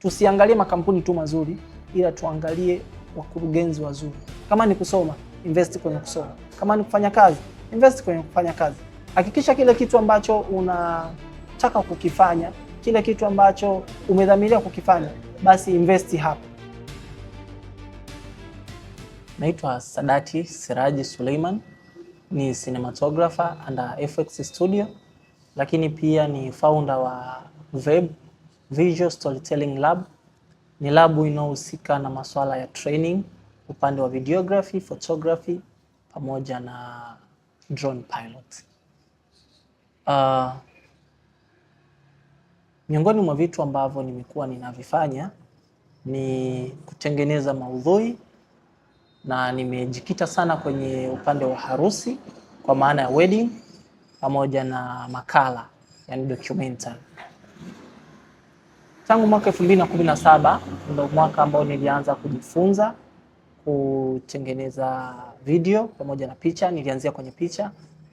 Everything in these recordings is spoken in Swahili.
tusiangalie makampuni tu mazuri, ila tuangalie wakurugenzi wazuri. Kama ni kusoma, invest kwenye kusoma. Kama ni kufanya kazi, invest kwenye kufanya kazi. Hakikisha kile kitu ambacho unataka kukifanya, kile kitu ambacho umedhamiria kukifanya, basi investi hapo. Naitwa Sadati Siraji Suleiman, ni cinematographer under FX Studio, lakini pia ni founder wa VEB Visual Storytelling Lab ni labu inayohusika na masuala ya training upande wa videography, photography pamoja na drone pilot. Uh, miongoni mwa vitu ambavyo nimekuwa ninavifanya ni kutengeneza maudhui na nimejikita sana kwenye upande wa harusi kwa maana ya wedding pamoja na makala, yani documentary. Tangu mwaka saba ndo mwaka ambao nilianza kujifunza kutengeneza video pamoja na picha. Nilianzia kwenye picha,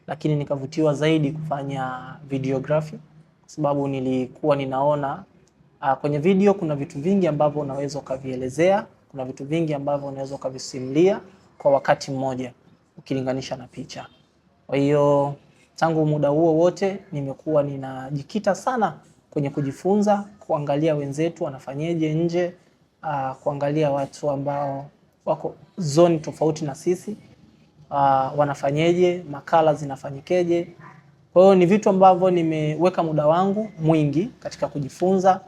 lakini nikavutiwa zaidi kufanya videography kwa sababu nilikuwa ninaona uh, kwenye video kuna vitu vingi ambavyo unaweza ukavielezea, kuna vitu vingi ambavyo unaweza ukavisimulia kwa wakati mmoja ukilinganisha na picha. Kwa hiyo tangu muda huo wote nimekuwa ninajikita sana kwenye kujifunza, kuangalia wenzetu wanafanyeje nje, uh, kuangalia watu ambao wako zoni tofauti na sisi uh, wanafanyeje, makala zinafanyikeje. Kwa hiyo ni vitu ambavyo nimeweka muda wangu mwingi katika kujifunza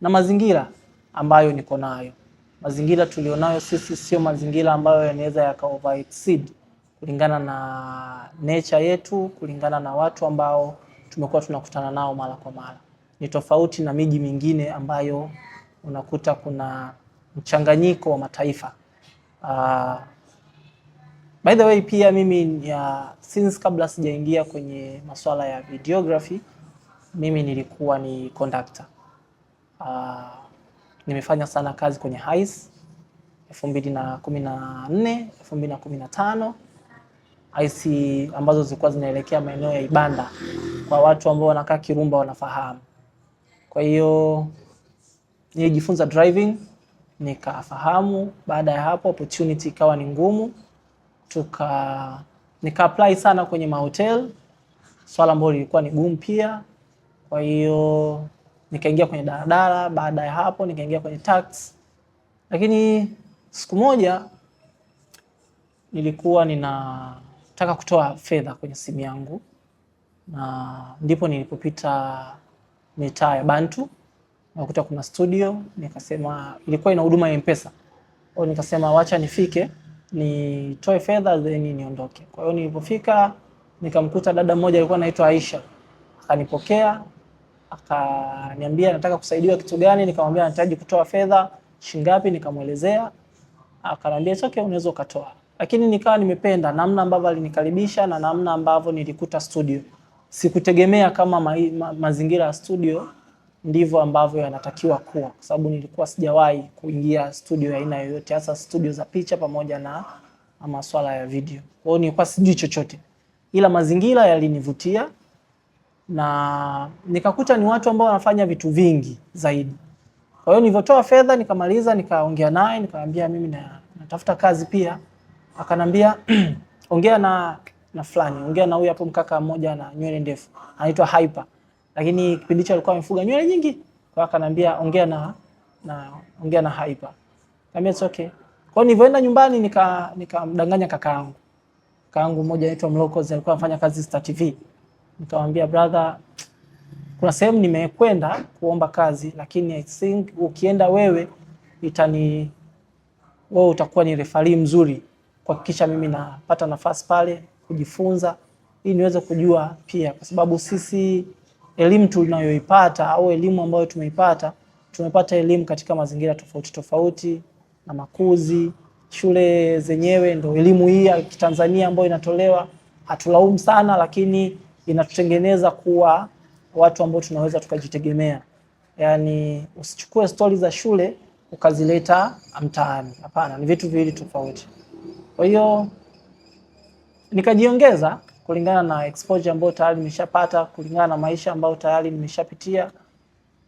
na mazingira ambayo niko nayo. Mazingira tulionayo sisi sio mazingira ambayo yanaweza yaka over kulingana na nature yetu, kulingana na watu ambao tumekuwa tunakutana nao mara kwa mara ni tofauti na miji mingine ambayo unakuta kuna mchanganyiko wa mataifa. Uh, by the way pia mimi ya, since kabla sijaingia kwenye masuala ya videography mimi nilikuwa ni conductor. Uh, nimefanya sana kazi kwenye Highs 2014, 2015 Highs ambazo zilikuwa zinaelekea maeneo ya Ibanda, kwa watu ambao wanakaa Kirumba wanafahamu. Kwa hiyo nilijifunza driving nikafahamu. Baada ya hapo, opportunity ikawa ni ngumu, tuka nika apply sana kwenye mahotel, swala ambalo lilikuwa ni gumu pia. Kwa hiyo nikaingia kwenye daladala, baada ya hapo nikaingia kwenye tax. Lakini siku moja nilikuwa ninataka kutoa fedha kwenye simu yangu, na ndipo nilipopita mitaa ya Bantu, nakuta kuna studio, nikasema ilikuwa ina huduma ya Mpesa Kwa hiyo nikasema wacha nifike nitoe fedha then niondoke. Kwa hiyo nilipofika nikamkuta dada mmoja alikuwa anaitwa Aisha, akanipokea akaniambia nataka kusaidiwa kitu gani? Nikamwambia nahitaji kutoa fedha shingapi, nikamwelezea akanambia it's okay, unaweza ukatoa. Lakini nikawa nimependa namna ambavyo alinikaribisha na namna ambavyo nilikuta studio sikutegemea kama ma, ma, mazingira ya studio ndivyo ambavyo yanatakiwa kuwa, kwa sababu nilikuwa sijawahi kuingia studio ya aina yoyote, hasa studio za picha pamoja na masuala ya video. Kwa hiyo nilikuwa sijui chochote, ila mazingira yalinivutia na nikakuta ni watu ambao wanafanya vitu vingi zaidi. Kwa hiyo nilivyotoa fedha nikamaliza, nikaongea naye, nikamwambia mimi na, natafuta kazi pia. Akanambia ongea na na fulani, ongea na huyu hapo, mkaka mmoja na nywele ndefu anaitwa Hyper, lakini kipindi hicho alikuwa amefuga nywele nyingi, kwa akanambia ongea na na ongea na Hyper, kambia it's okay. Kwa hiyo nilivyoenda nyumbani nika nikamdanganya kaka yangu kaka yangu mmoja anaitwa Mlokozi, alikuwa anafanya kazi Star TV, nikamwambia brother, kuna sehemu nimekwenda kuomba kazi, lakini I think ukienda wewe itani wewe utakuwa ni refari mzuri kuhakikisha mimi napata nafasi pale kujifunza ili niweze kujua pia, kwa sababu sisi elimu tunayoipata au elimu ambayo tumeipata, tumepata elimu katika mazingira tofauti tofauti na makuzi shule zenyewe, ndo elimu hii ya Kitanzania ambayo inatolewa. Hatulaumu sana, lakini inatutengeneza kuwa watu ambao tunaweza tukajitegemea. Yani, usichukue stori za shule ukazileta mtaani, hapana, ni vitu viwili tofauti. Kwa hiyo nikajiongeza kulingana na exposure ambayo tayari nimeshapata, kulingana na maisha ambayo tayari nimeshapitia,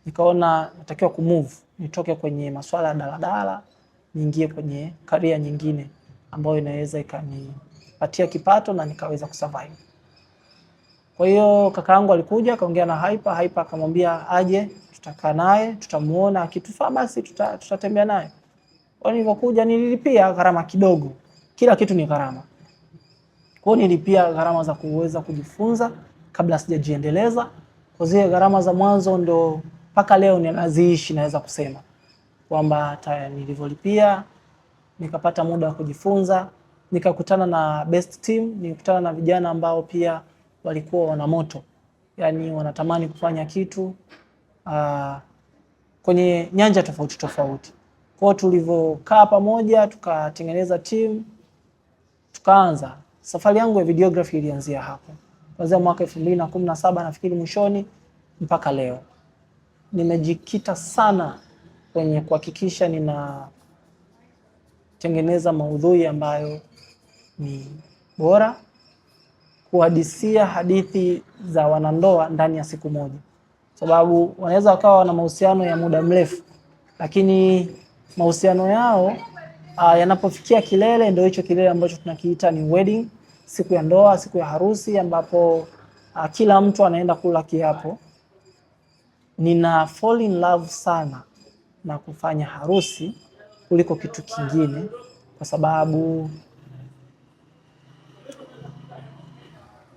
nikaona natakiwa kumove, nitoke kwenye masuala ya daladala niingie kwenye karia nyingine ambayo inaweza ikanipatia kipato na nikaweza kusurvive. Kwa hiyo yangu alikuja akaongea na Hyper, Hyper akamwambia aje, tutakaa naye, tutamuona, akitufaa basi tutatembea tuta naye. Kwa nilivyokuja nililipia gharama kidogo, kila kitu ni gharama. Kwa hiyo nilipia gharama za kuweza kujifunza kabla sijajiendeleza. Kwa zile gharama za mwanzo ndo mpaka leo ninaziishi, naweza kusema kwamba nilivyolipia nikapata muda wa kujifunza, nikakutana na best team, nikutana na vijana ambao pia walikuwa wana moto, yani wanatamani kufanya kitu uh, kwenye nyanja tofauti tofauti. Kwao tulivyokaa pamoja, tukatengeneza team, tukaanza Safari yangu ya videography ilianzia hapo kuanzia mwaka 2017 nafikiri mwishoni mpaka leo. Nimejikita sana kwenye kuhakikisha ninatengeneza maudhui ambayo ni bora kuhadisia hadithi za wanandoa ndani ya siku moja, sababu wanaweza wakawa wana mahusiano ya muda mrefu, lakini mahusiano yao ah, yanapofikia kilele, ndio hicho kilele ambacho tunakiita ni wedding siku ya ndoa, siku ya harusi, ambapo uh, kila mtu anaenda kula kiapo, nina fall in love sana na kufanya harusi kuliko kitu kingine, kwa sababu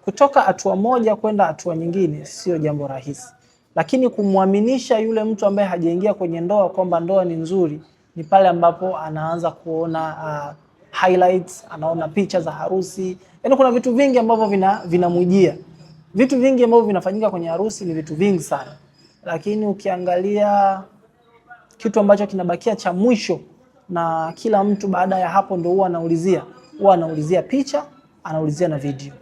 kutoka hatua moja kwenda hatua nyingine sio jambo rahisi, lakini kumwaminisha yule mtu ambaye hajaingia kwenye ndoa kwamba ndoa ni nzuri ni pale ambapo anaanza kuona uh, highlights, anaona picha za harusi. Yaani kuna vitu vingi ambavyo vina vinamujia. Vitu vingi ambavyo vinafanyika kwenye harusi ni vitu vingi sana. Lakini ukiangalia kitu ambacho kinabakia cha mwisho na kila mtu baada ya hapo ndio huwa anaulizia, huwa anaulizia picha, anaulizia na video.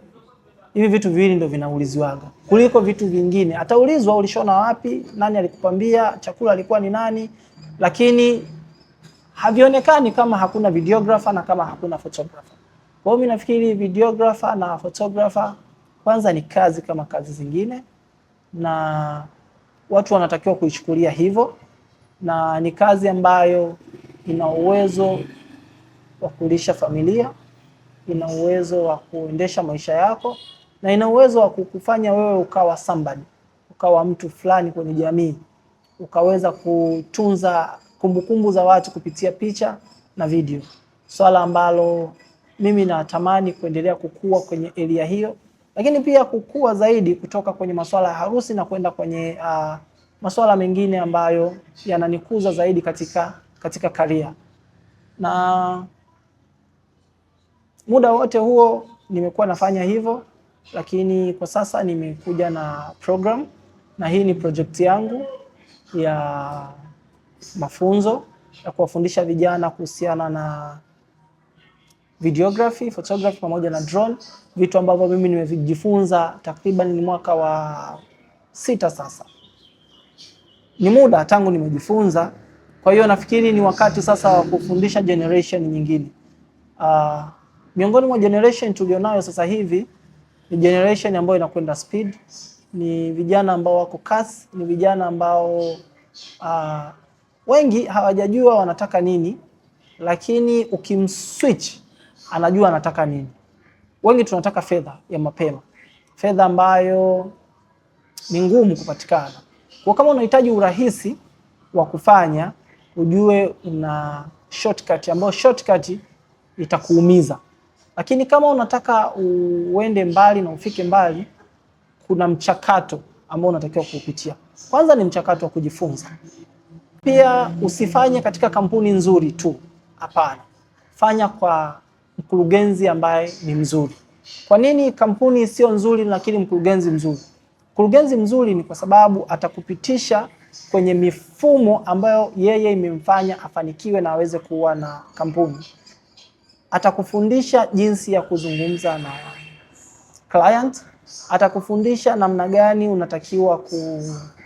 Hivi vitu viwili ndio vinauliziwaga kuliko vitu vingine. Ataulizwa ulishona wapi, nani alikupambia, chakula alikuwa ni nani, lakini havionekani kama hakuna videographer na kama hakuna photographer. Kwa hiyo mimi nafikiri videographer na photographer kwanza ni kazi kama kazi zingine, na watu wanatakiwa kuichukulia hivyo, na ni kazi ambayo ina uwezo wa kulisha familia, ina uwezo wa kuendesha maisha yako, na ina uwezo wa kukufanya wewe ukawa somebody, ukawa mtu fulani kwenye jamii, ukaweza kutunza kumbukumbu za watu kupitia picha na video, swala ambalo mimi natamani kuendelea kukua kwenye elia hiyo, lakini pia kukua zaidi kutoka kwenye masuala ya harusi na kwenda kwenye uh, ah, masuala mengine ambayo yananikuza zaidi katika katika karia na muda wote huo nimekuwa nafanya hivyo, lakini kwa sasa nimekuja na program, na hii ni project yangu ya mafunzo ya kuwafundisha vijana kuhusiana na videography, photography pamoja na drone, vitu ambavyo mimi nimevijifunza takriban ni mwaka wa sita sasa. Ni muda tangu nimejifunza, kwa hiyo nafikiri ni wakati sasa wa kufundisha generation nyingine. Uh, miongoni mwa generation tulionayo sasa hivi ni generation ambayo inakwenda speed, ni vijana ambao wako kasi, ni vijana ambao uh, wengi hawajajua wanataka nini, lakini ukimswitch anajua anataka nini. Wengi tunataka fedha ya mapema, fedha ambayo ni ngumu kupatikana. Kwa kama unahitaji urahisi wa kufanya, ujue una shortcut ambayo shortcut itakuumiza, lakini kama unataka uende mbali na ufike mbali, kuna mchakato ambao unatakiwa kuupitia. Kwanza ni mchakato wa kujifunza. Pia usifanye katika kampuni nzuri tu, hapana. Fanya kwa mkurugenzi ambaye ni mzuri. Kwa nini kampuni sio nzuri lakini mkurugenzi mzuri? Mkurugenzi mzuri ni kwa sababu atakupitisha kwenye mifumo ambayo yeye imemfanya afanikiwe na aweze kuwa na kampuni. Atakufundisha jinsi ya kuzungumza na client, atakufundisha namna gani unatakiwa ku,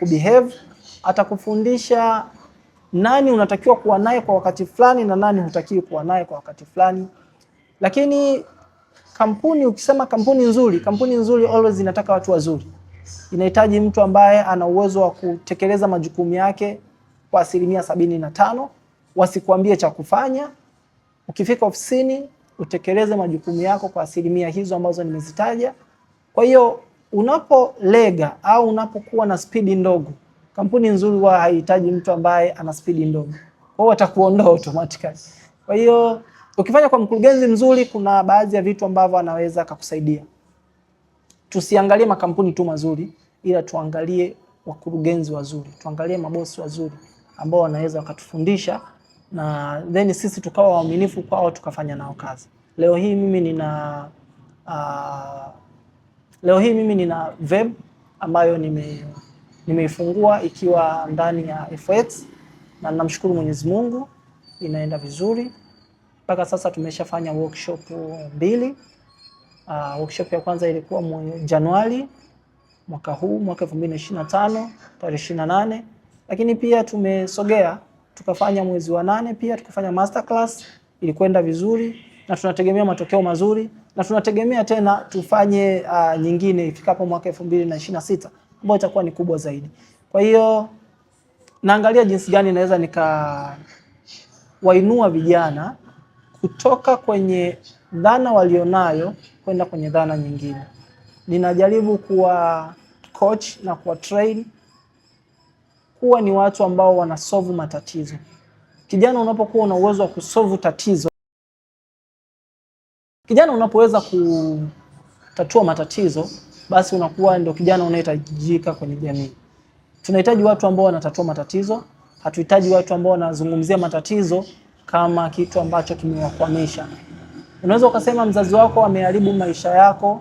behave, atakufundisha nani unatakiwa kuwa naye kwa wakati fulani na nani hutakiwi kuwa naye kwa wakati fulani. Lakini kampuni, ukisema kampuni nzuri, kampuni nzuri always inataka watu wazuri, inahitaji mtu ambaye ana uwezo wa kutekeleza majukumu yake kwa asilimia sabini na tano, wasikuambie cha kufanya. Ukifika ofisini utekeleze majukumu yako kwa asilimia hizo ambazo nimezitaja. Kwa hiyo unapolega au unapokuwa na spidi ndogo Kampuni nzuri huwa haihitaji mtu ambaye ana spidi ndogo, wao watakuondoa automatically. Kwa hiyo ukifanya kwa mkurugenzi mzuri, kuna baadhi ya vitu ambavyo anaweza akakusaidia. Tusiangalie makampuni tu mazuri, ila tuangalie wakurugenzi wazuri, tuangalie mabosi wazuri ambao wanaweza wakatufundisha na then sisi tukawa waaminifu kwao, tukafanya nao kazi. Leo hii mimi nina uh, leo hii mimi nina Veb ambayo nime Nimeifungua ikiwa ndani ya FX na namshukuru Mwenyezi Mungu inaenda vizuri. Mpaka sasa tumeshafanya workshop mbili. Uh, workshop ya kwanza ilikuwa Januari mwaka huu mwaka 2025 tarehe 28, lakini pia tumesogea tukafanya mwezi wa nane pia tukafanya masterclass, ilikwenda vizuri na tunategemea matokeo mazuri na tunategemea tena tufanye uh, nyingine ifikapo mwaka 2026 ambayo itakuwa ni kubwa zaidi. Kwa hiyo naangalia jinsi gani naweza nikawainua vijana kutoka kwenye dhana walionayo kwenda kwenye dhana nyingine. Ninajaribu kuwa coach na kuwa train kuwa ni watu ambao wanasovu matatizo. Kijana unapokuwa una uwezo wa kusovu tatizo, kijana unapoweza kutatua matatizo basi unakuwa ndio kijana unayetajika kwenye jamii. Tunahitaji watu ambao wanatatua matatizo, hatuhitaji watu ambao wanazungumzia matatizo kama kitu ambacho kimewakwamisha. Unaweza ukasema mzazi wako ameharibu maisha yako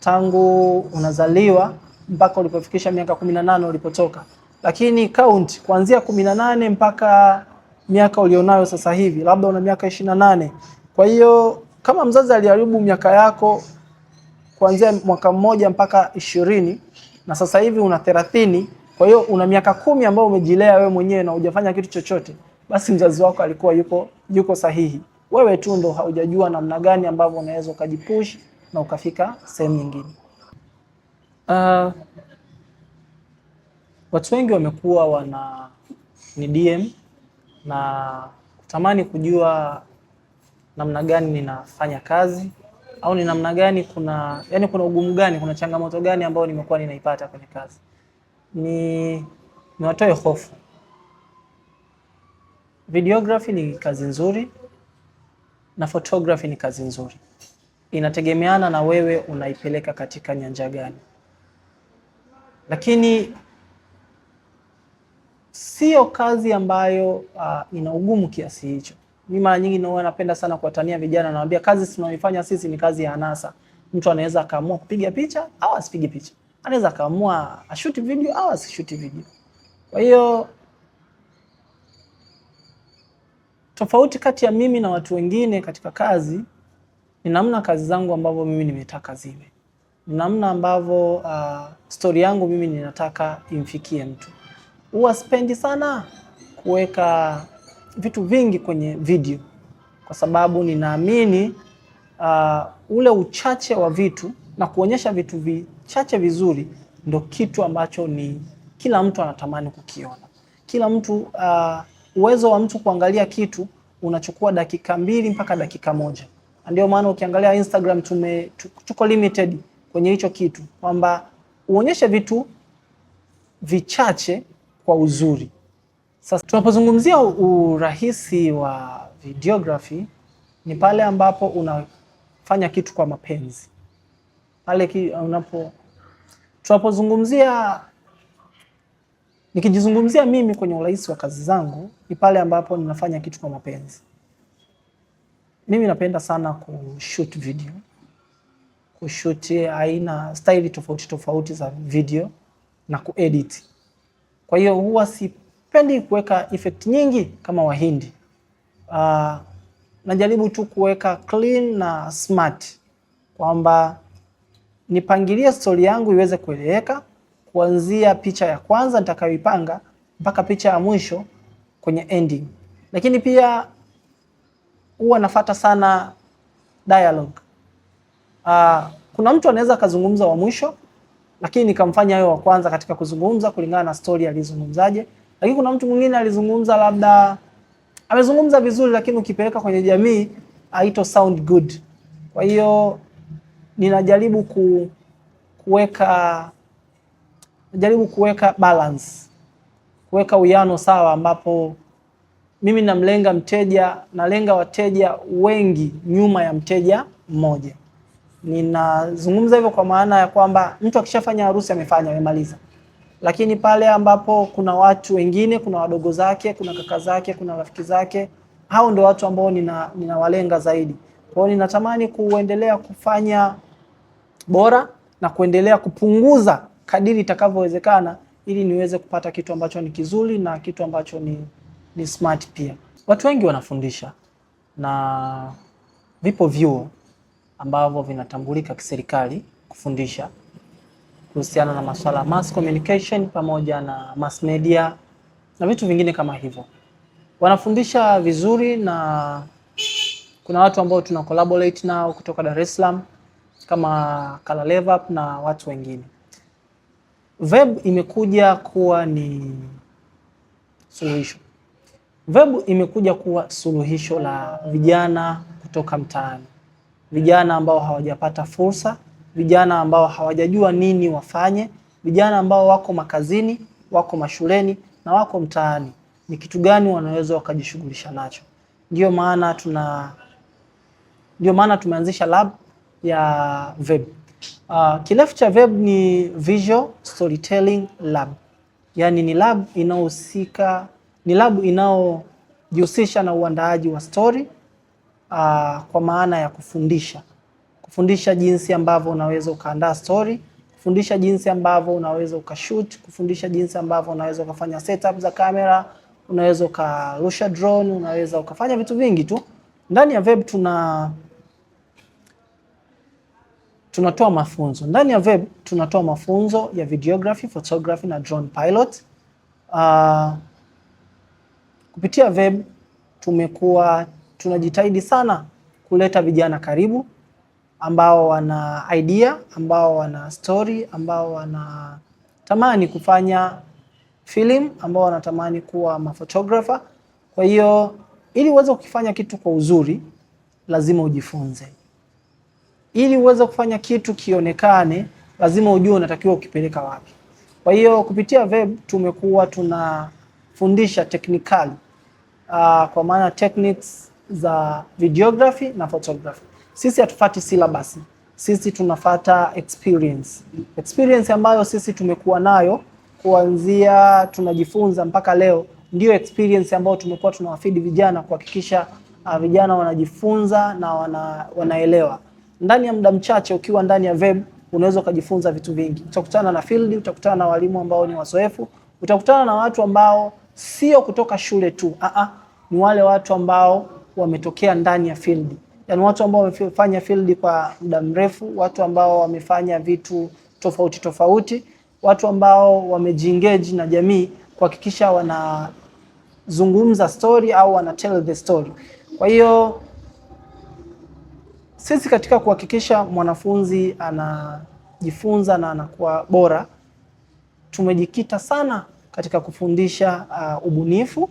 tangu unazaliwa mpaka ulipofikisha miaka 18 ulipotoka, lakini count kuanzia 18 mpaka miaka ulionayo sasa hivi, labda una miaka 28. Kwa hiyo kama mzazi aliharibu miaka yako kuanzia mwaka mmoja mpaka ishirini na sasa hivi una thelathini. Kwa hiyo una miaka kumi ambayo umejilea wewe mwenyewe na hujafanya kitu chochote, basi mzazi wako alikuwa yuko, yuko sahihi. Wewe tu ndo haujajua namna gani ambavyo unaweza ukajipush na ukafika sehemu nyingine. Uh, watu wengi wamekuwa wana ni DM na kutamani kujua namna gani ninafanya kazi au ni namna gani, kuna yani, kuna ugumu gani, kuna changamoto gani ambayo nimekuwa ninaipata kwenye kazi, ni niwatoe hofu. Videography ni kazi nzuri na photography ni kazi nzuri, inategemeana na wewe unaipeleka katika nyanja gani, lakini sio kazi ambayo uh, ina ugumu kiasi hicho mi mara nyingi naona napenda sana kuwatania vijana, nawambia kazi tunaoifanya sisi ni kazi ya anasa. Mtu anaweza akaamua kupiga picha au asipige picha, anaweza akaamua ashuti video au asishuti video. Kwa hiyo tofauti kati ya mimi na watu wengine katika kazi ni namna kazi zangu ambavyo mimi nimetaka ziwe, ni namna ambavyo uh, ah, stori yangu mimi ninataka imfikie mtu. Huwa sipendi sana kuweka vitu vingi kwenye video kwa sababu ninaamini uh, ule uchache wa vitu na kuonyesha vitu vichache vizuri ndo kitu ambacho ni kila mtu anatamani kukiona. Kila mtu uh, uwezo wa mtu kuangalia kitu unachukua dakika mbili mpaka dakika moja. Ndio maana ukiangalia Instagram tume tuko limited kwenye hicho kitu kwamba uonyeshe vitu vichache kwa uzuri. Sasa tunapozungumzia urahisi wa videography ni pale ambapo unafanya kitu kwa mapenzi pale ki, unapo tunapozungumzia nikijizungumzia mimi kwenye urahisi wa kazi zangu ni pale ambapo ninafanya kitu kwa mapenzi. Mimi napenda sana kushoot video, kushoot aina staili tofauti tofauti za video na kuedit. Kwa hiyo huwa si Sipendi kuweka effect nyingi kama Wahindi. Uh, najaribu tu kuweka clean na smart kwamba nipangilie stori yangu iweze kueleweka kuanzia picha ya kwanza nitakayoipanga mpaka picha ya mwisho kwenye ending. Lakini pia huwa nafata sana dialogue. Uh, kuna mtu anaweza akazungumza wa mwisho lakini nikamfanya yeye wa kwanza katika kuzungumza kulingana na stori alizungumzaje. Lakini kuna mtu mwingine alizungumza, labda amezungumza vizuri, lakini ukipeleka kwenye jamii haito sound good. Kwa hiyo ninajaribu ku, kuweka najaribu kuweka balance, kuweka uwiano sawa, ambapo mimi namlenga mteja, nalenga wateja wengi nyuma ya mteja mmoja. Ninazungumza hivyo kwa maana ya kwamba mtu akishafanya harusi amefanya, amemaliza lakini pale ambapo kuna watu wengine, kuna wadogo zake, kuna kaka zake, kuna rafiki zake, hao ndio watu ambao nina zaidi. Kwa hiyo ninatamani kuendelea kufanya bora na kuendelea kupunguza kadiri itakavyowezekana, ili niweze kupata kitu ambacho ni kizuri na kitu ambacho ni, ni smart pia. Watu wengi wanafundisha na vipo vyuo ambavyo vinatambulika kiserikali kufundisha kuhusiana na masuala ya mass communication pamoja na mass media na vitu vingine kama hivyo. Wanafundisha vizuri na kuna watu ambao tuna collaborate nao kutoka Dar es Salaam kama Kala Levap na watu wengine. Verb imekuja kuwa ni suluhisho. veb imekuja kuwa suluhisho la vijana kutoka mtaani, vijana ambao hawajapata fursa vijana ambao hawajajua nini wafanye, vijana ambao wako makazini, wako mashuleni na wako mtaani, ni kitu gani wanaweza wakajishughulisha nacho. Ndio maana tuna ndio maana tumeanzisha lab ya VEB. Uh, ah, kirefu cha VEB ni Visual Storytelling Lab, yani ni lab inayohusika ni lab inayojihusisha na uandaaji wa story uh, kwa maana ya kufundisha kufundisha jinsi ambavyo unaweza ukaandaa story, kufundisha jinsi ambavyo unaweza ukashoot, kufundisha jinsi ambavyo unaweza ukafanya setup za kamera, unaweza ukarusha drone, unaweza ukafanya vitu vingi tu. Ndani ya Veb tuna tunatoa mafunzo. Ndani ya Veb tunatoa mafunzo ya videography, photography na drone pilot. Uh, kupitia Veb tumekuwa tunajitahidi sana kuleta vijana karibu ambao wana idea, ambao wana story, ambao wanatamani kufanya film, ambao wanatamani kuwa maphotographer. Kwa hiyo ili uweze kukifanya kitu kwa uzuri, lazima ujifunze. Ili uweze kufanya kitu kionekane, lazima ujue unatakiwa ukipeleka wapi. Kwa hiyo kupitia VEB tumekuwa tunafundisha technical uh, ah, kwa maana techniques za videography na photography. Sisi hatufati syllabus, sisi tunafata experience, experience ambayo sisi tumekuwa nayo kuanzia tunajifunza mpaka leo, ndio experience ambayo tumekuwa tunawafidi vijana kuhakikisha uh, vijana wanajifunza na wana, wanaelewa. Ndani ya muda mchache ukiwa ndani ya VEB unaweza ukajifunza vitu vingi. Utakutana na field, utakutana na walimu ambao ni wazoefu, utakutana na watu ambao sio kutoka shule tu, ah, ah, ni wale watu ambao wametokea ndani ya field yani watu ambao wamefanya field kwa muda mrefu, watu ambao wamefanya vitu tofauti tofauti, watu ambao wamejiengage na jamii kuhakikisha wanazungumza story au wana tell the story. Kwa hiyo sisi katika kuhakikisha mwanafunzi anajifunza na anakuwa bora, tumejikita sana katika kufundisha uh, ubunifu,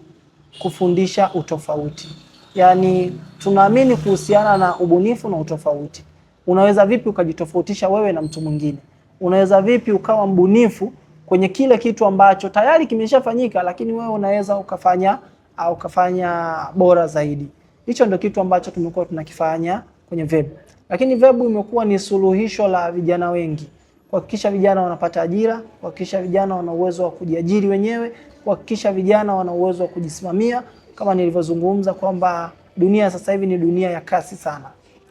kufundisha utofauti yani tunaamini kuhusiana na ubunifu na utofauti. Unaweza vipi ukajitofautisha wewe na mtu mwingine? Unaweza vipi ukawa mbunifu kwenye kile kitu ambacho tayari kimeshafanyika, lakini wewe unaweza ukafanya au ukafanya bora zaidi. Hicho ndio kitu ambacho tumekuwa tunakifanya kwenye VEB, lakini VEB imekuwa ni suluhisho la vijana wengi kuhakikisha vijana wanapata ajira, kuhakikisha vijana wana uwezo wa kujiajiri wenyewe, kuhakikisha vijana wana uwezo wa kujisimamia, kama nilivyozungumza kwamba dunia sasa hivi ni dunia ya kasi sana,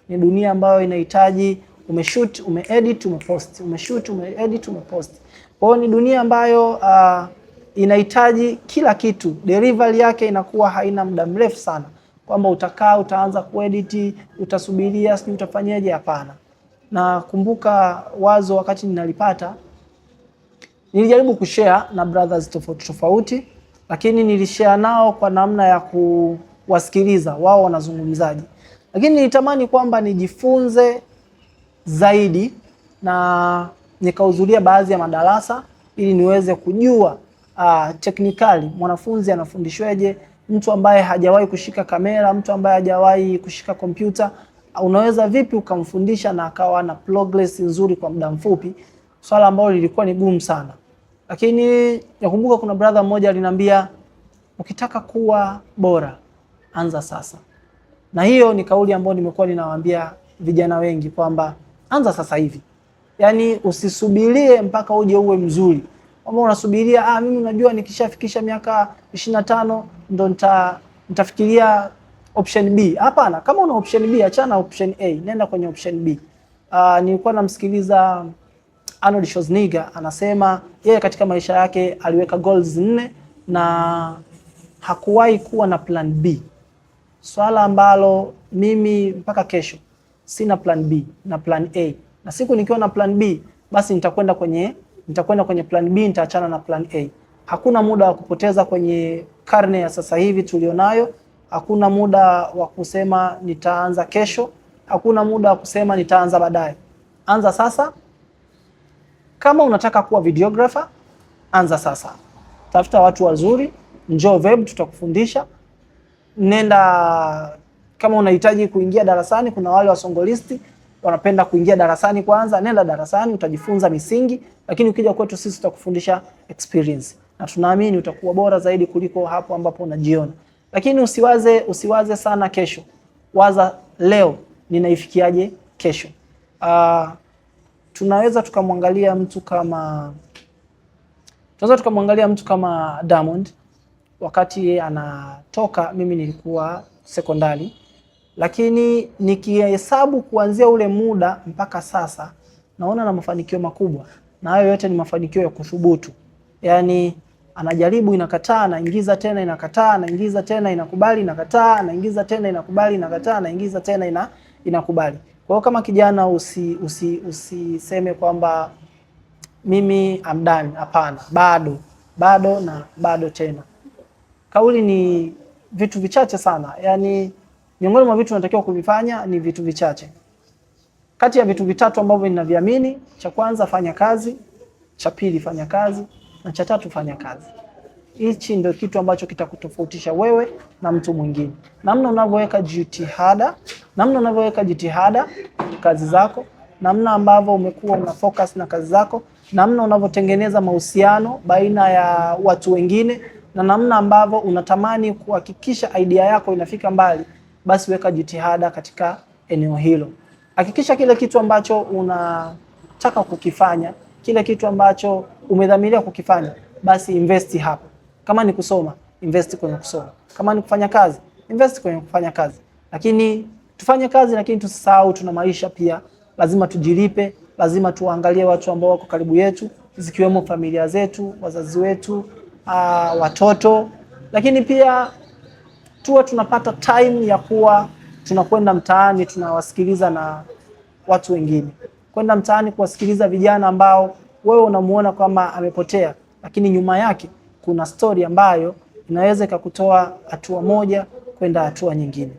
ni dunia ambayo inahitaji umeshoot, umeedit, umepost, umeshoot, umeedit, umepost. Kwa hiyo ni dunia ambayo uh, inahitaji kila kitu, delivery yake inakuwa haina muda mrefu sana kwamba utakaa utaanza kuedit utasubiria sijui utafanyaje. Hapana. Na kumbuka wazo wakati ninalipata nilijaribu kushare na brothers tofauti tofauti lakini nilishare nao kwa namna ya kuwasikiliza wao wanazungumzaje, lakini nilitamani kwamba nijifunze zaidi na nikahudhuria baadhi ya madarasa ili niweze kujua uh, ah, teknikali mwanafunzi anafundishweje. Mtu ambaye hajawahi kushika kamera, mtu ambaye hajawahi kushika kompyuta, unaweza vipi ukamfundisha na akawa na progress nzuri kwa muda mfupi, swala ambalo lilikuwa ni gumu sana. Lakini nakumbuka kuna brother mmoja aliniambia ukitaka kuwa bora anza sasa, na hiyo ni kauli ambayo nimekuwa ninawaambia vijana wengi kwamba anza sasa hivi, yaani usisubirie mpaka uje uwe mzuri, kwamba unasubiria ah, mimi unajua nikishafikisha miaka ishirini na tano ndo nita nitafikiria option B. Hapana, kama una option B achana option A, nenda kwenye option B. Uh, nilikuwa namsikiliza Arnold Schwarzenegger anasema yeye katika maisha yake aliweka goals nne na hakuwahi kuwa na plan B, swala ambalo mimi mpaka kesho sina plan B na plan A, na siku nikiwa na plan B basi nitakwenda kwenye nitakwenda kwenye plan B, nitaachana na plan A. Hakuna muda wa kupoteza kwenye karne ya sasa hivi tulionayo. Hakuna muda wa kusema nitaanza kesho, hakuna muda wa kusema nitaanza baadaye. Anza sasa. Kama unataka kuwa videographer, anza sasa, tafuta watu wazuri, njoo VEB tutakufundisha. Nenda kama unahitaji kuingia darasani, kuna wale wasongolisti wanapenda kuingia darasani kwanza. Nenda darasani utajifunza misingi, lakini ukija kwetu sisi tutakufundisha experience, na tunaamini utakuwa bora zaidi kuliko hapo ambapo unajiona. Lakini usiwaze, usiwaze sana kesho, waza leo, ninaifikiaje kesho? Uh, tunaweza tukamwangalia mtu kama tunaweza tukamwangalia mtu kama Diamond wakati anatoka, mimi nilikuwa sekondari, lakini nikihesabu kuanzia ule muda mpaka sasa naona na mafanikio makubwa, na hayo yote ni mafanikio ya kuthubutu. Yaani anajaribu, inakataa, anaingiza tena, inakataa, anaingiza tena, inakubali, inakataa, anaingiza tena, inakubali, inakataa, anaingiza tena, ina, inakubali. Kwa hiyo kama kijana usi, usi, usiseme kwamba mimi am done. Hapana, bado bado na bado tena. Kauli ni vitu vichache sana, yaani miongoni mwa vitu unatakiwa kuvifanya ni vitu vichache, kati ya vitu vitatu ambavyo ninaviamini: cha kwanza fanya kazi, cha pili fanya kazi, na cha tatu fanya kazi. Hichi ndio kitu ambacho kitakutofautisha wewe na mtu mwingine, namna unavyoweka jitihada, namna unavyoweka jitihada kazi zako, namna ambavyo umekuwa una focus na kazi zako, namna unavyotengeneza mahusiano baina ya watu wengine, na namna ambavyo unatamani kuhakikisha idea yako inafika mbali, basi weka jitihada katika eneo hilo. Hakikisha kile kitu ambacho unataka kukifanya, kile kitu ambacho umedhamiria kukifanya, basi investi hapo. Kama ni kusoma, invest kwenye kusoma. Kama ni kufanya kazi, invest kwenye kufanya kazi. Lakini tufanye kazi, lakini tusisahau tuna maisha pia, lazima tujilipe, lazima tuangalie watu ambao wako karibu yetu, zikiwemo familia zetu, wazazi wetu, aa, ah, watoto. Lakini pia tuwe tunapata time ya kuwa tunakwenda mtaani tunawasikiliza na watu wengine, kwenda mtaani kuwasikiliza vijana ambao wewe unamuona kama amepotea, lakini nyuma yake kuna stori ambayo inaweza ikakutoa hatua moja kwenda hatua nyingine.